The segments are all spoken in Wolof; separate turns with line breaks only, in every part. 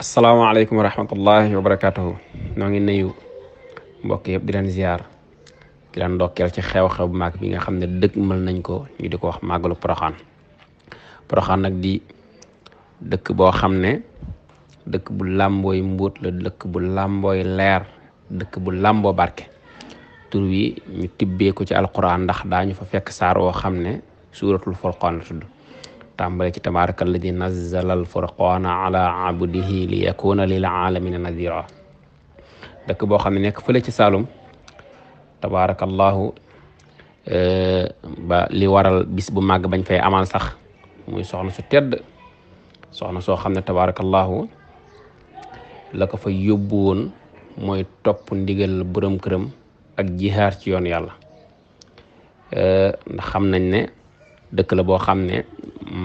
asalaamaaleykum wa rahmatullahi wa barakaatuhu noo ngi nuyu mbokk yëpp di leen ziar di leen ndokkeel ci xew-xew bu mag bi nga xam ne dëkk mën nañ ko ñu di ko wax màggalu Poroxaan Poroxaan nag di dëkk boo xam ne dëkk bu làmbooy mbóot la dëkk bu làmbooy leer dëkk bu làmboo barke tur wi ñu tibbee ko ci alquran ndax daañu fa fekk saar woo xam ne suuratul furqaan la tudd tàmbale ci tabaraka alladi nazzala alfurqaana ala abdihi li yakuna lil aalamina nadira dëkk boo xam ne nekk fële ci Saalum tabarakallahu ba li waral bis bu màgg bañ fay amal sax muy soxna su tedd soxna soo xam ne tabarakallahu la ko fa yóbbu mooy topp ndigal borom këram ak jihaar ci yoon yàlla ndax xam nañ ne dëkk la boo xam ne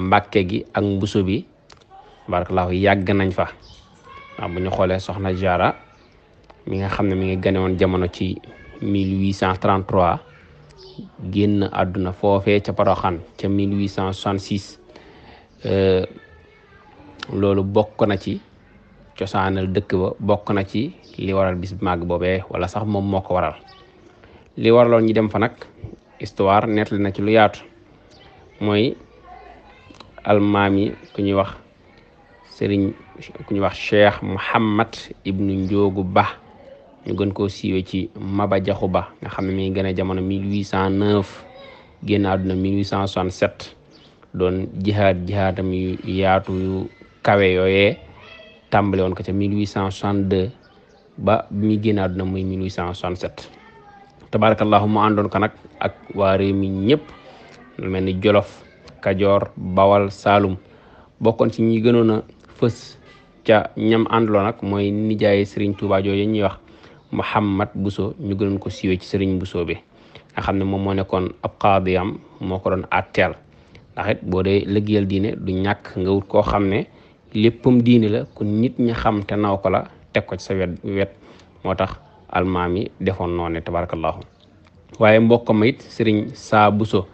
mbakke gi ak mbuso bi barakallahu yàgg nañ fa waaw bu ñu xoolee soxna Jaara mi nga xam ne mi ngi gane woon jamono ci 1833 génn àdduna foofee ca Poroxaan ca 1866 euh, loolu bokk na ci cosaanal dëkk ba bokk na ci li waral bis màgg boobee wala sax moom moo ko waral li waraloon ñi dem fa nag histoire nettali na ci lu yaatu mooy almaam yi ku ñuy wax sëriñ ku ñuy wax cheikh Muhammad ibnu Njoogu Ba ñu gën koo siiwe ci Maba Jaxu Ba nga xam ne mi ngi gën a jamono 1809 génn àdduna doon jihaad jihaatam yu yaatu yu kawe yooyee tàmbale woon ko ca 1862 ba bi muy génn àdduna muy 1867 tabaarakallaahu mu àndoon ko nag ak waa mi ñëpp lu mel ni jolof kajoor bawal saalum bokkoon ci ñi gënoon a fës ca ñam àndloo nag mooy nijaaye Serigne Touba jooju ñuy wax Mouhamad Bousso ñu gënoon ko siiwee ci Serigne Bousso bi nga xam ne moom moo nekkoon ab qaadiyam moo ko doon ateel ndax it boo dee liggéeyal diine du ñàkk nga wut koo xam ne léppam diine la ku nit ñi xam te naw ko la teg ko ci sa wet moo tax almaam yi defoon noonu ne tabarakallahu waaye mbokk ma it Saa Bousso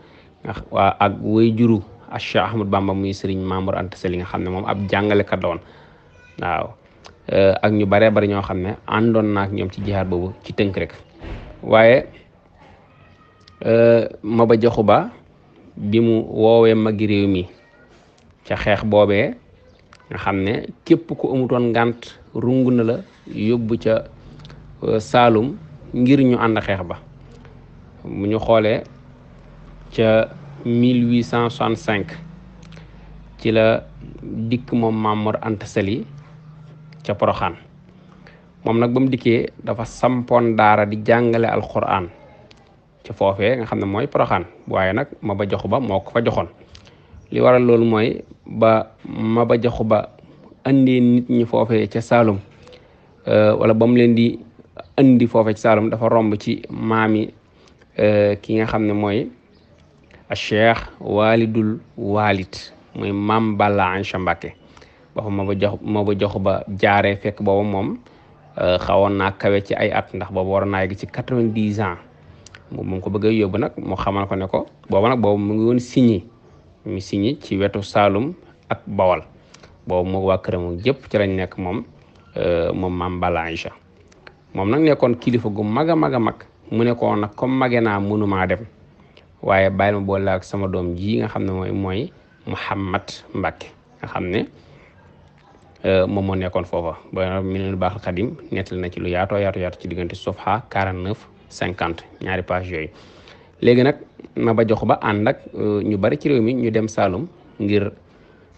waa ak way juru Cheikh Ahmad Bamba muy sëriñ Mamour Anta Sali nga xam ne moom ab jàngalekat la waaw eh, ak ñu baree bari ñoo xam ne àndoon na ak ñoom ci jihaad boobu ci tënk rek waaye eh, Maba Jaxu Ba bi mu woowee magi mi ca xeex boobee nga xam ne képp ku amutoon ngant rungu na la yóbbu ca eh, Saalum ngir ñu ànd xeex ba mu ñu xoolee ca 1865 ci la dikk moom Mamor Anta Sali ca Poroxaan moom nag ba mu dikkee dafa sampoon daara di jàngale alquran ca foofee nga xam ne mooy Poroxaan waaye nag Maba Jaxu Ba moo ko fa joxoon li waral loolu mooy ba Maba Jaxu Ba indee nit ñi foofee ca Saalum euh, wala ba leen di indi foofee ca Saalum dafa romb ci maami euh, ki nga xam ne mooy a cheikh walidul walid mooy maam Balla Aïcha Mbàkke ma ba jox jox ba jaaree fekk boobu moom euh, xawoon naa kawe ci ay at ndax boobu war naa yegg ci quatre-vingt-dix ans moom ko bëgg a yóbbu nag mu xamal ko ne ko boobu nag mu ngi woon signé mu ci wetu Saalum ak Bawal boobu moo waa këram ci lañ nekk moom euh, moom mam Balla moom nag nekkoon kilifa gu mag a mag a mag mu nekkoon nag comme mage mënumaa dem. waaye bàyyil ma boole ak sama doom ji nga xam ne mooy mooy Mouhamad Mbacke nga xam ne euh, moom moo nekkoon foofa ba Minanul Baaxil Xadim nettali na ci lu yaatoo yaatu yaatu ci diggante Sofha 49 50 ñaari page yooyu. léegi nag na ba jox ba ànd euh, ñu bari ci réew mi ñu dem Saalum ngir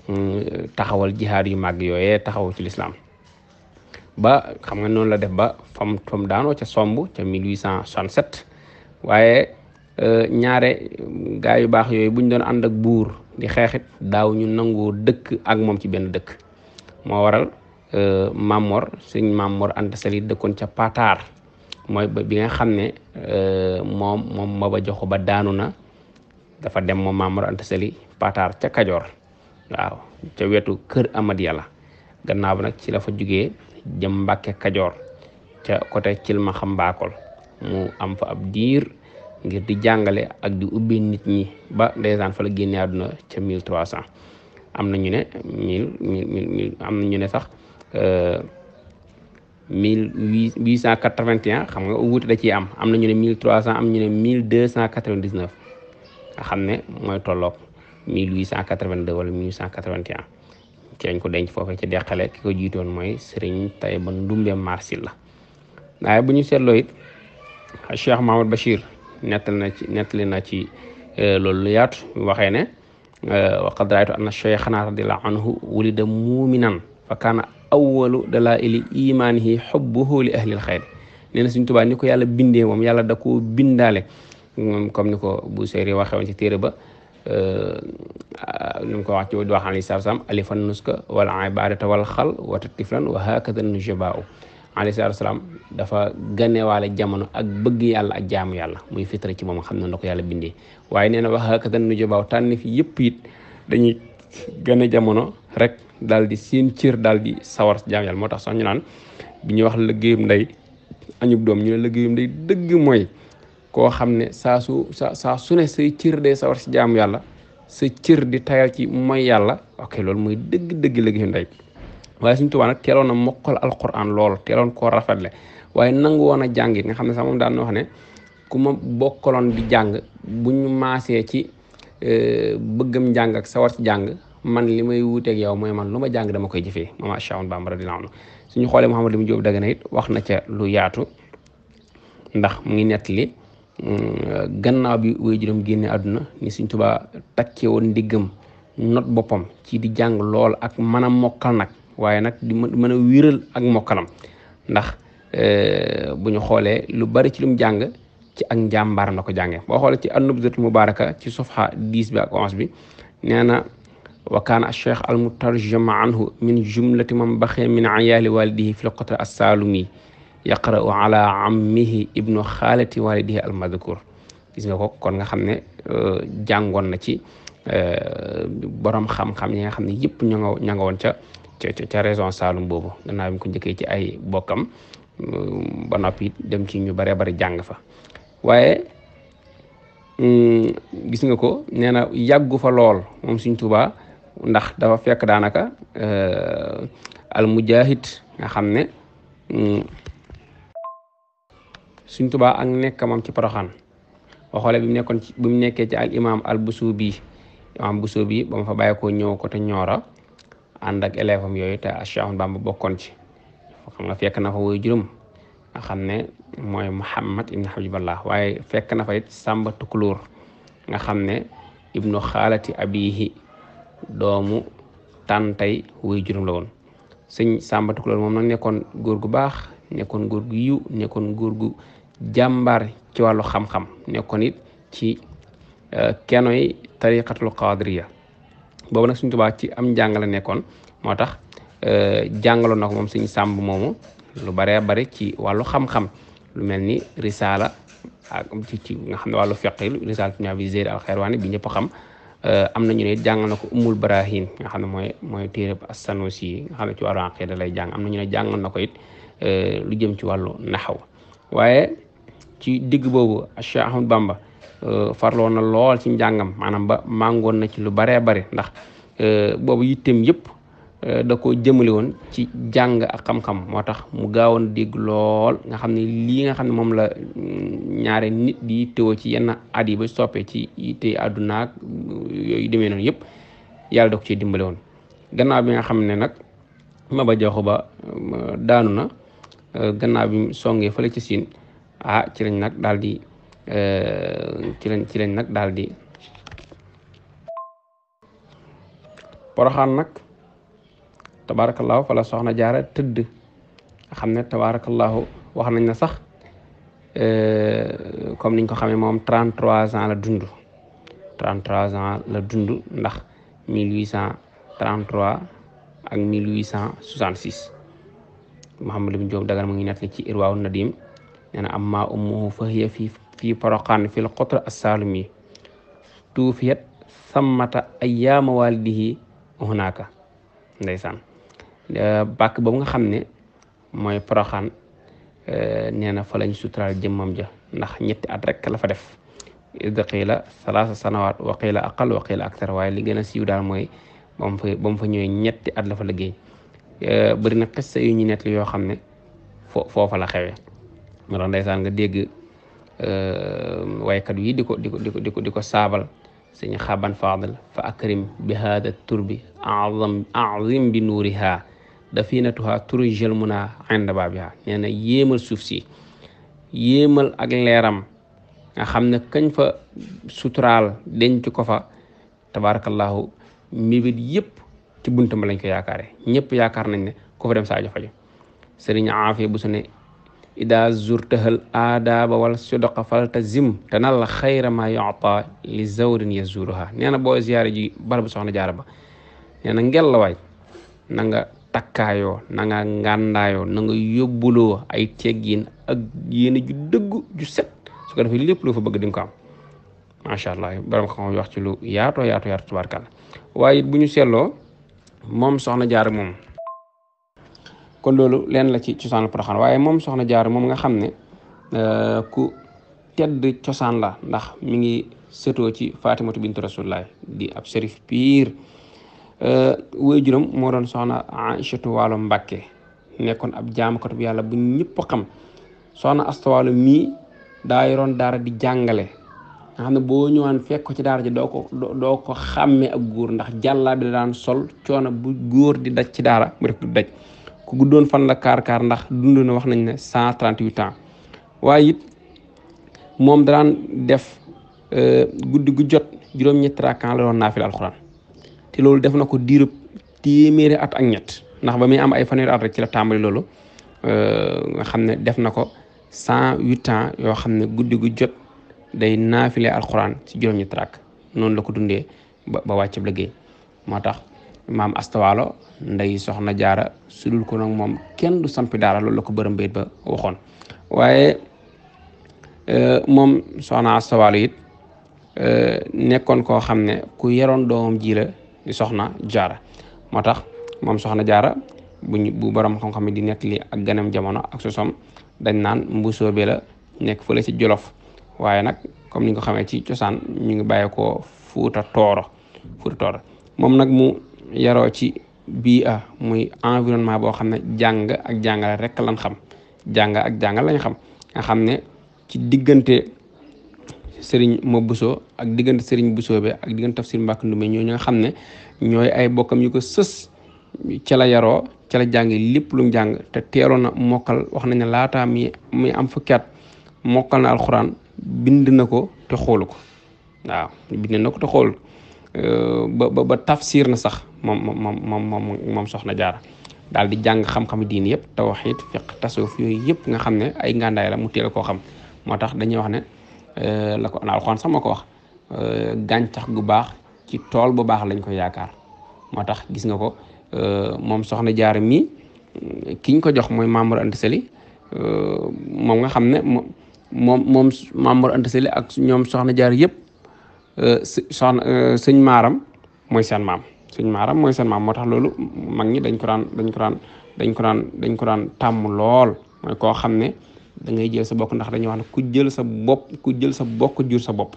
euh, taxawal jihaad yu màgg yooye taxaw ci lislaam ba xam nga noonu la def ba fam fam daanoo ca somb ca 1867 waaye. Euh, ñaare gaa yu baax yooyu buñ doon ànd ak buur di xeexit daaw ñu nangoo dëkk ak moom ci benn dëkk moo waral euh, Mamor sëñ Mamor Anta Sali dëkkoon ca Pataar mooy bi nga xam ne euh, moom moom Maba Jaxu Ba daanu na dafa dem moom Mamor Anta Sali Pataar ca Kajoor waaw ca wetu kër Amad Yàlla gannaaw bi nag ci la fa jugee jëm Mbàkke Kajoor ca côté Cilma Xambaakol mu am fa ab diir ngir di jàngale ak di ubbi nit ñi ba ndeysaan fa la génne àdduna ca mille trois cent am na ñu ne mille mille am na ñu ne sax euh, mille huit cent quatre vingt et un xam nga wuute da ci am am na ñu ne mille cent am ñu ne mille cent quatre vingt dix xam ne mooy tolloog mille huit cent quatre vingt deux wala mille huit cent quatre vingt et un ko denc foofee ci deqale ki ko jiitoon mooy Serigne Taïba Ndoumbe Marsilla waaye bu ñu seetloo it Cheikh Mahamad Bachir nettal na ci nettali na ci eh, loolu lu yaatu waxee ne eh, wa qad raaytu anna cheikhana radiallahu anhu wulida muuminan fa kaana awalu dalaili imaanihi xubbuhu li ahlil xayr nee na ko yàlla bindee moom yàlla da koo bindaale moom comme ni ko bu séeri waxee woon ci téere ba eh, nu ko wax ci di wax alayhi alifan nuska wal ibaadata wal xal wa tatiflan wa hakada nujabaa alayhi sa salaam dafa ganewaale jamono ak bëgg yàlla ak jaamu yàlla muy fitra ci moom xam na na ko yàlla bindee waaye nee na wax hakatan nu jobaaw tànn fi yëpp it dañuy gane jamono rek daal di seen cër daal di sawar jaamu yàlla moo tax sax ñu naan bi ñuy wax liggéeyum ndey añub doom ñu ne liggéeyum dëgg mooy koo xam ne saa su sa saa su ne say cër day sawar si jaamu yàlla sa cër di tayal ci mooy yàlla ok loolu muy dëgg-dëgg liggéeyum ndey waaye suñ tubaa nag teeloon a mokkal alquran lool teeloon koo rafetle waaye nangu woon a jàng it nga xam ne sax moom daan na wax ne ku ma bokkaloon di jàng bu ñu maasee ci e, bëggam njàng ak sawar jàng man li may wuuteeg yow mooy man lu ma jàng dama koy jëfee mama Cheikh Bamba radiyallahu anhu suñu xoolee Mouhamadou Lamine Diop Dagana it wax na ca lu yaatu ndax mu ngi nettali mm, gannaaw bi way génne àdduna ni suñ tubaa takkee woon ndiggam not boppam ci di jàng lool ak mën a mokkal nag waaye nag dima mën a wiiral ak mokkalam ndax euh, bu ñu xoolee lu bari ci lum jàng ci ak njàmbaar na ko jàngee boo xoolee ci annubdatul mubaraka ci safha 10 bi ak 11 bi nee na a kaana acheikh al mutarjam anhu min jumlati man baxee min ayaali walidihi fi lqotre assaalumi yaqra'u ala ammihi ibnu xaalati walidihi al madkur gis nga ko kon nga xam ne euh, jàngoon na ci euh, borom xam-xam yi nga xam ne yëpp ña nga ña ca ca ca région Saloum boobu gannaaw bi ko njëkkee ci ay bokkam euh, ba noppi dem ci ñu bare bari jàng fa waaye euh, gis nga ko nee na yàggu fa lool moom Sëriñ Tuubaa ndax dafa fekk daanaka euh, al mujahid nga xam ne Sëriñ Tuubaa ak nekk moom ci Poroxaan boo xoolee bi nekkoon ci bi mu nekkee ci al imaam al Busuubi imaam Busuubi ba fa bàyyi ko ñëw ko te ñoora ànd ak élève yooyu te Cheikh Ahmadou Bamba bokkoon ci xam fekk na fa woy juróom xam ne mooy Muhammad ibnu Habiballah waaye fekk na fa it Sàmba Tukulóor xam ne ibnu xaalati abihi doomu tàntay woy juróom la woon sëñ moom nag nekkoon góor gu baax nekkoon góor gu yiw nekkoon góor gu jàmbaar ci wàllu xam-xam nekkoon it ci euh, kenoy tariqatul qadiriya boobu nag suñ tubaa ci am njàng la nekkoon moo tax euh, jàngaloon na ko moom suñu sàmb moomu lu baree bari ci wàllu xam-xam lu mel ni risaala ak ci ci nga xam ne wàllu feqilu risaala tu ñaabi zéri al xayrawaani bi ñëpp xam euh, am nañu ne jàng na ko umul barahin nga xam ne mooy mooy ba as-Sanusi nga xam ne ci wàllu aqida lay jàng am nañu ne na ko it euh, lu jëm ci wàllu naxaw waaye ci digg boobu Cheikh Ahmad Bamba Euh, farloo na lool ci njàngam maanaam ba màngoon na ci lu baree bari ndax euh, boobu yitteem yëpp euh, da ko jëmale woon ci jàng ak xam-xam moo tax mu gaawoon dégg lool nga xam ne lii nga xam ne moom la mm, ñaare nit di yittewoo ci yenn at ba soppee ci yitte àdduna ak mm, yëpp yàlla da ko ci dimbale woon bi nga xam ne nag Maba Jaxu Ba mm, daanu na gannaaw bi songee fële ci siin ah ci lañ nag daal di Euh, ci lañ ci lañ nag daal di poroxaan nag tabaarakallaahu fa la soxna jaara tëdd xam ne tabaarakallaahu wax nañ na sax euh, comme niñ ko xamee moom 33 ans la dund 33 ans la dund ndax 1833 ak 1866 Mouhamadou Lamine Diop Dagana mu ngi nekk ci Irwaawu Nadim nee na amma ummuhu fa hiya fii fii poroxaan fil xotre assalumi tuufiyat sammata ayyaama walidihi hunaaka ndeysaan euh, bàkk boobu nga xam ne mooy poroxaan euh, nee na fa lañ suturaal jëmmam ja ndax ñetti at rek lafa fa def id qiila salaasa sanawaat wa qiila aqal wa qiila aktar waaye li gën a siiw daal mooy ba fa ñëwee ñetti at la fa liggéey euh, bëri na xissa yu ñu nett yoo xam ne fo foofa la xewee moo tax ndeysaan nga dégg Ehm, waykat yi di ko di ko di ko di ko di ko saabal sëñ xaban fadl fa akrim bi hada turbi azam azim bi nuuriha dafinatuha turjal muna inda baabiha nee na yéemal suuf si yéemal ak leeram nga xam ne kañ fa suturaal denc ko fa tabarakallahu mébét yëpp ci buntam lañ ko yaakaare ñëpp yaakaar nañ ne ku fa dem saajo fajo sëriñ aafiya bu su ne ida zurtahal aadaaba wala sudoqa falta zim te nan la xayra li zawrin yazuruha nee na boo ziyaare ji barabu soxna jaara ba nee na ngelawaay na nga takkaayoo na nga ngàndaayoo nga yóbbuloo ay teggin ak yéene ju dëgg ju set su ko defee lépp lu fa bëgg di nga ko am macha allah borom xam lu yaatoo yaatoo waaye bu ñu seetloo moom soxna jaara moom kon loolu leen la ci cosaanal Poroxaan waaye moom soxna jaar moom nga xam ne euh, ku tedd cosaan la ndax mi ngi sëtoo ci Fatimatu bintu Rasulullah di ab sërif piir euh, woy juróom moo doon soxna Aïchatu Waalo Mbàkke nekkoon ab jaamkat bu yàlla bu ñëpp xam soxna Asta Waalo mii daa yoroon daara di jàngale nga xam ne boo ñëwaan fekk ci daara ji doo ko doo ko xàmmee ak góor ndax jàllaa bi daan sol coono bu góor di daj ci daara mu def du daj ku guddoon fan la kaar kaar ndax dund na wax nañ ne cent trente huit ans waaye it moom daan def euh, guddi gu jot juróom-ñetti rakkaan la doon naafil alxuraan te loolu def na ko diirub téeméeri at ak ñett ndax ba muy am ay fanweeri at ci la tàmbali loolu euh, nga xam ne def na ko cent huit ans yoo xam ne guddi gu jot day naafile alxuraan ci juróom-ñetti rakk noonu la ko dundee ba ba wàccab liggéey moo tax maam astawaalo ndey soxna jaara su dul ko nag moom kenn du sampi daara loolu la ko bërëm bayit ba waxoon waaye euh, moom soxna Asta Walo it euh, nekkoon koo xam ne ku yaroon doomam ji soxna jaara moo tax moom soxna jaara buñ bu borom xam-xam di nekk li ak ganam jamono ak sosom dañ naan mbusoo bi la nekk fële ci jolof waaye nag comme ni nga ko xamee ci cosaan ñu ngi bàyyi ko fuuta tooro moom nag mu yaroo ci bii a ah muy environnement boo xam ne jàng ak jàngale rek lan xam jàng ak jàngale lañ xam nga xam ne ci diggante sëriñ ma buso ak diggante sëriñ Bousso bi ak diggante tafsir Mbàkke Ndumbe ñoo nga xam ne ñooy ay bokkam yu ko sës ca la yaroo ca la jàng lépp lu jàng te teeloon na mokkal wax nañ ne laataa mi muy am fukki at mokkal na alxuraan bind na ko te xoolu ko waaw bind na ko te xoolu Euh, ba ba ba tafsir na sax moom moom moom moom moom soxna jaar daal di jàng xam-xamu diin yëpp tawxiid fiq tasawuf yooyu yëpp nga xam ne ay ngàndaay la mu teel koo xam moo tax dañuy wax ne euh, la ko alxuraan sax moo ko wax euh, gàncax gu baax ci tool bu baax lañ ko yaakaar moo tax gis nga ko moom soxna jaar mii kiñ ko jox mooy Mamour Anta Sali moom nga xam ne moom moom Mamour Anta Sali ak ñoom soxna jaar yëpp soxna euh, sëñ maaram mooy seen maam sëñ maaram mooy seen moo tax loolu mag ñi dañ ko daan dañ ko daan dañ ko daan dañ ko daan tàmm lool mooy koo xam ne dangay jël sa bokk ndax dañuy wax ne ku jël sa bopp ku jël sa bokk jur sa bopp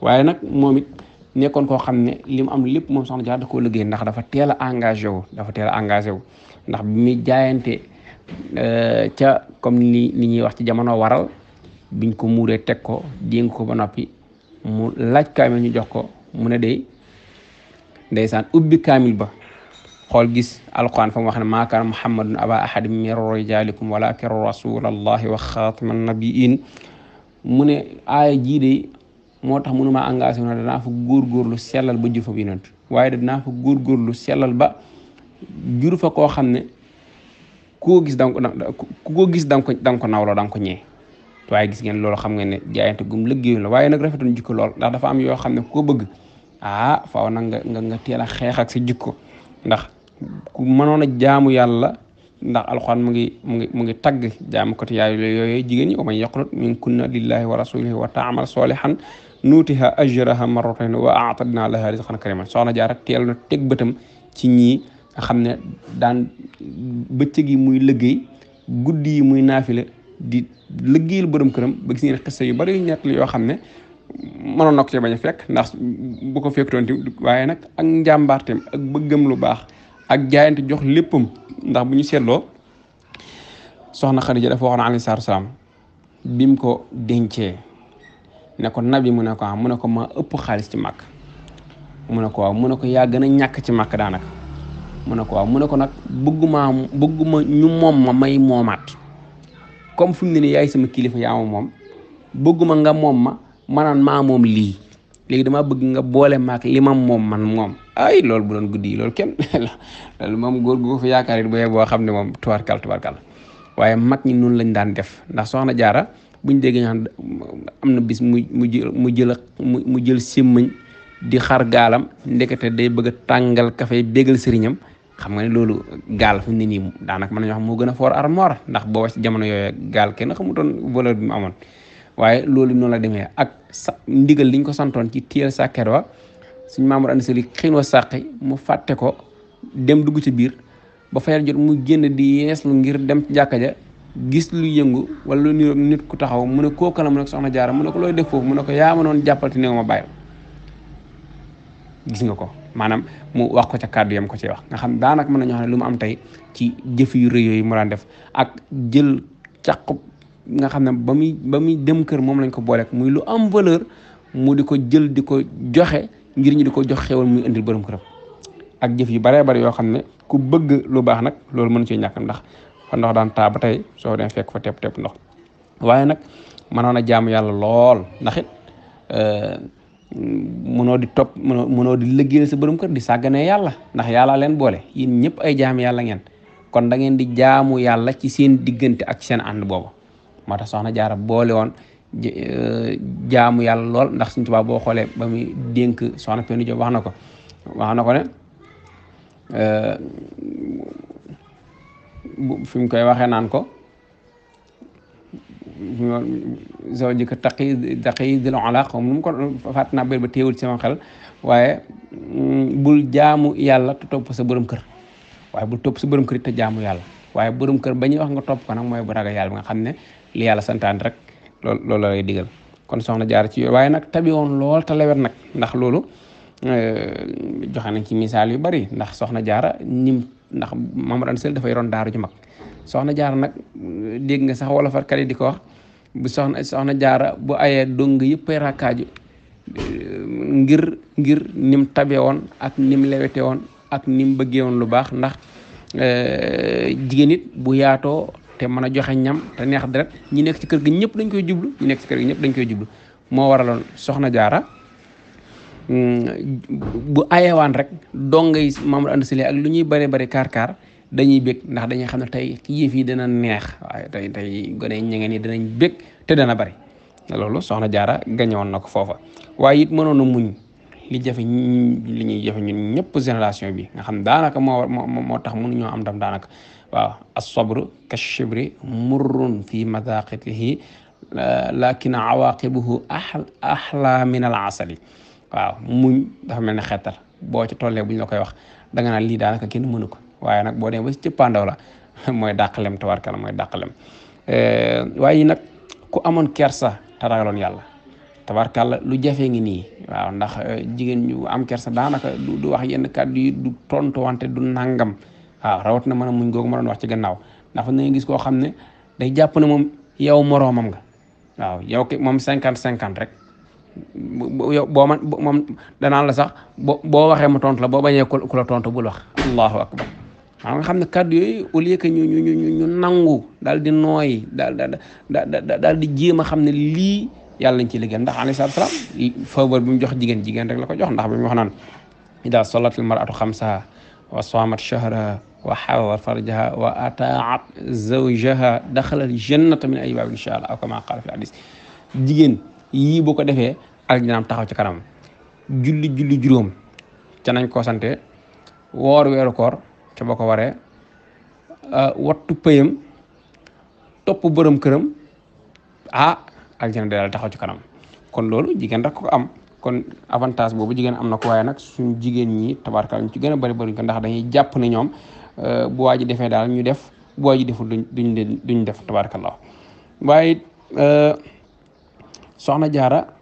waaye nag moom it nekkoon koo xam ne li mu am lépp moom soxna jaar da koo liggéey ndax dafa teel a engagé wu dafa teel a engagé wu ndax bi muy jaayante euh, ca comme ni ni ñuy wax ci jamono waral biñ ko muuree teg ko jéng ko ba noppi mu laaj kaamil ñu jox ko mu ne day ndeysaan ubbi kaamil ba xool gis alquran fa mu wax ne maakaana muhammadun aba ahadin min rijaalikum walakin rasulallahi wa xaatima nabiin mu ne aaya jii de moo tax mënu maa engagé na danaa fa góorgóorlu sellal ba jur fa waaye danaa fa góorgóorlu sellal ba jur fa koo xam ne ku ko gis danga ko gis danga ko danga ko nawloo danga ñee waaye gis ngeen loolu xam ngeen ne jaayante gum liggéeyu la waaye nag rafetoon jikko lool ndax dafa am yoo xam ne koo bëgg ah fa nag nga nga teel a xeex ak sa jikko ndax ku mënoon a jaamu yàlla ndax alxuraan mu ngi mu ngi mu ngi tagg jaamu ko yaayu yooyu jigéen ñi wa man yaqnut min kunna lillahi wa rasulihi wa taamal solihan nuutiha ajraha marratayn wa aatadna laha rizqan kariman soxna jaara teel na teg bëtam ci ñii nga xam ne daan bëccëg muy liggéey guddi muy naafile di liggéeyal borom këram ba gis ngeen xista yu bari yu ñett yoo xam ne mënoon na ko ci bañ fekk ndax bu ko fekkutoon tamit waaye nag ak njàmbaarteem ak bëggam lu baax ak jaayante jox léppam ndax bu ñu seetloo soxna Xadija dafa waxoon alayhi salaatu salaam bi mu ko dencee ne ko nabi mu ne ko ah mu ne ko ma ëpp xaalis ci màkk mu ne ko waaw mu ko yaa ñàkk ci màkk daanaka mu ne ko waaw mu ne ko nag bëgguma bëgguma ñu moom ma may moomaat comme fu mu ne nii yaay sama kilifa yaa ma moom bëgguma nga moom ma manaan maa moom lii léegi dama bëgg nga boole maak li ma moom man moom ay loolu bu doon guddi yi loolu kenn loolu moom góor gu ko fi yaakaar it boo xam ne moom tubaarkal tubaarkal waaye mag ñi noonu lañ daan def ndax soxna jaara buñ déggee nga am na bis mu mu jël mu jël mu jël simmañ di xar gaalam ndekete day bëgg a tàngal kafe bégal sëriñam xam nga ne loolu gaal fu mu ne nii daanaka mën nañu wax moo gën a foor armoire ndax boo ci jamono yooyu gaal kenn xamutoon valeur bi mu amoon waaye loolu noonu la demee ak sa ndigal liñ ko santoon ci téel sàkket wa suñ Maamor Anta Sali xiin wa sàqi mu fàtte ko dem dugg ci biir ba fayal jot mu génn di yeeslu ngir dem ci jàkka ja gis lu yëngu wala lu niroog nit ku taxaw mu ne kooka la mu ne ko soxna jaara mu ne ko looy def foofu mu ne ko yaa ma noon jàppal te néew nga ko maanaam mu wax ko ca kàddu yam ko ci wax nga xam daanaka mën nañoo xam ne lu mu am tey ci jëf yu rëy yooyu mu daan def ak jël caqub nga xam ne ba muy ba muy dem kër moom lañ ko booleek muy lu am valeur mu di ko jël di ko joxe ngir ñu di ko jox xéwal muy indil borom këram ak jëf yu baree bari yoo xam ne ku bëgg lu baax nag loolu mën cee ñàkk ndax fa ndox daan taa ba tey soo dem fekk fa tepp tepp ndox waaye nag mënoon a jaamu yàlla lool ndax euh, mënoo di topp mënoo mënoo di liggéeyal sa borom di sàgganee yàlla ndax yàlla leen boole yéen ñëpp ay jaam yàlla ngeen kon da ngeen di jaamu yàlla ci seen diggante ak seen ànd boobu moo tax soxna jaara boole woon euh, jaamu yàlla lool ndax Sëñ Tuubaa boo xoolee ba muy dénk soxna Penda Joob wax na ko wax na ko ne euh, fi koy waxee naan ko zawjika taqi taqi dil ala xaw ma nu mu ko fàtt naa ba teewul ci sama waaye mm, bul jaamu yàlla te topp sa borom kër waaye bul topp sa borom kër te jaamu yàlla waaye borom kër ba ñuy wax nga topp ko nag mooy ba ragal yàlla bi nga xam ne yàlla santaan rek loolu loolu digal kon soxna jaar ci waaye nag tabi woon lool ta lewet nag ndax loolu euh, joxe nañ ci misaal yu bari ndax soxna jaara ñim ndax Mamadou Ansel dafa yoroon daaru ju mag soxna jaara nag dégg nga sax wala farkat yi di ko wax bu soxna soxna jaara bu ayee dong yëpp ay rakkaaju euh, ngir ngir nim tabe woon ak nim lewete ak nim bëggee woon lu baax ndax euh, jigéen it bu yaatoo te mën a joxe ñam te neex deret ñi nekk ci kër gi ñëpp dañ koy jublu nekk kër ñëpp dañ koy jublu moo waraloon soxna jaara mm, bu ayewaan rek dongay Mamadou Anta Sylla ak lu ñuy bare bari kaar kaar dañuy bég ndax dañuy xam ne tey yëf yi dina neex waaye tey tey gone yi ña ngeen ni danañ bég te dana bari loolu soxna jaara gañewoon na ko foofa waaye it mënoon a muñ li jafe li ñuy jafe ñun ñëpp génération bi nga xam daanaka moo moo tax mënu am tam daanaka waaw as-sabru kashibri murrun fi madaqatihi lakin awaqibuhu ahla min al waaw muñ dafa mel ne xettal boo ci tollee bu ñu la koy wax da nga naan lii daanaka kenn mënu ko waaye nag boo dee ba ci cëppaandaw la mooy dàqalem tawarkal mooy dàqalem eh, waaye nag ku amoon kersa te ragaloon yàlla tabarkàlla lu jafe ngi nii waaw ndax eh, jigéen ñu am kersa daanaka du wax yenn kàddu yi du tontu wante du nangam waaw rawat na mën a muñ googu ma doon wax ci gannaaw ndax fa nga gis koo xam ne day jàpp na moom yow moroomam nga waaw yow ki moom cinquante cinquante rek yow boo man moom la sax boo waxee mu tontu la boo bañee ku bul wax allahu akbar waaw xam ne kàddu yooyu au lieu que ñu ñu ñu ñu nangu daal nooy daal daal daal di jéem a xam ne lii yàlla lañ ci liggéey ndax alayhi salaatu salaam faveur bi mu jox jigéen jigéen rek la ko jox ndax bi mu wax naan ida solatil maratu xamsaha wa saamat shahraha wa xawat farjaha wa ataat zawjaha daxalal jannata min ay baab incha allah aw kama qaala fi hadis jigéen yii bu ko defee ak ñanaam taxaw ci kanam julli julli juróom ca nañ koo sante woor weeru koor ca ba ko waree euh, wattu pëyam topp borom këram ah aljana daal taxaw ci kanam kon loolu jigéen rek ko am kon avantage boobu jigéen am na ko waaye nag suñ jigéen ñi tabarka ñu ci gën a bari bari ko ndax dañuy jàpp ne ñoom euh, boo waa ji defee daal ñu def boo waa ji deful duñ duñ duñ def tabarkallah waaye euh, soxna jaara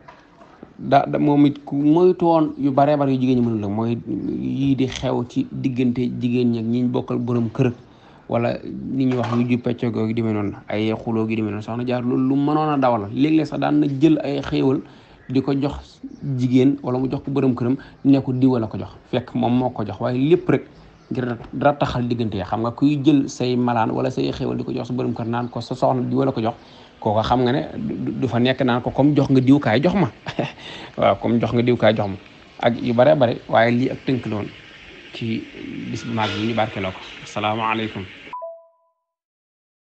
da moom it ku moytu yu bare bare yu jigéen ñi mënul mooy yii di xew ci diggante jigéen ñi ak ñi bokkal borom kër wala ni ñuy wax yu ju peccogoo gi demee noonu ay xuloo gi demee noonu soxna jaar loolu lu mënoon a dawal léeg-léeg sax daan na jël ay xéewal di ko jox jigéen wala mu jox ko borom këram ne ko diwa la ko jox fekk moom moo ko jox waaye lépp rek ngir dara taxal diggante yi xam nga kuy jël say malaan wala say xéewal di ko jox sa bërëm kër naan ko sa soxna diwa la ko jox kooka xam nga ne du fa nekk naan ko comme jox nga diwkaay jox ma waaw comme jox nga diwkaay jox ma ak yu bare bare waaye lii ak tënk loon ci bis bu mag yi ñu barkeloo ko asalaamaaleykum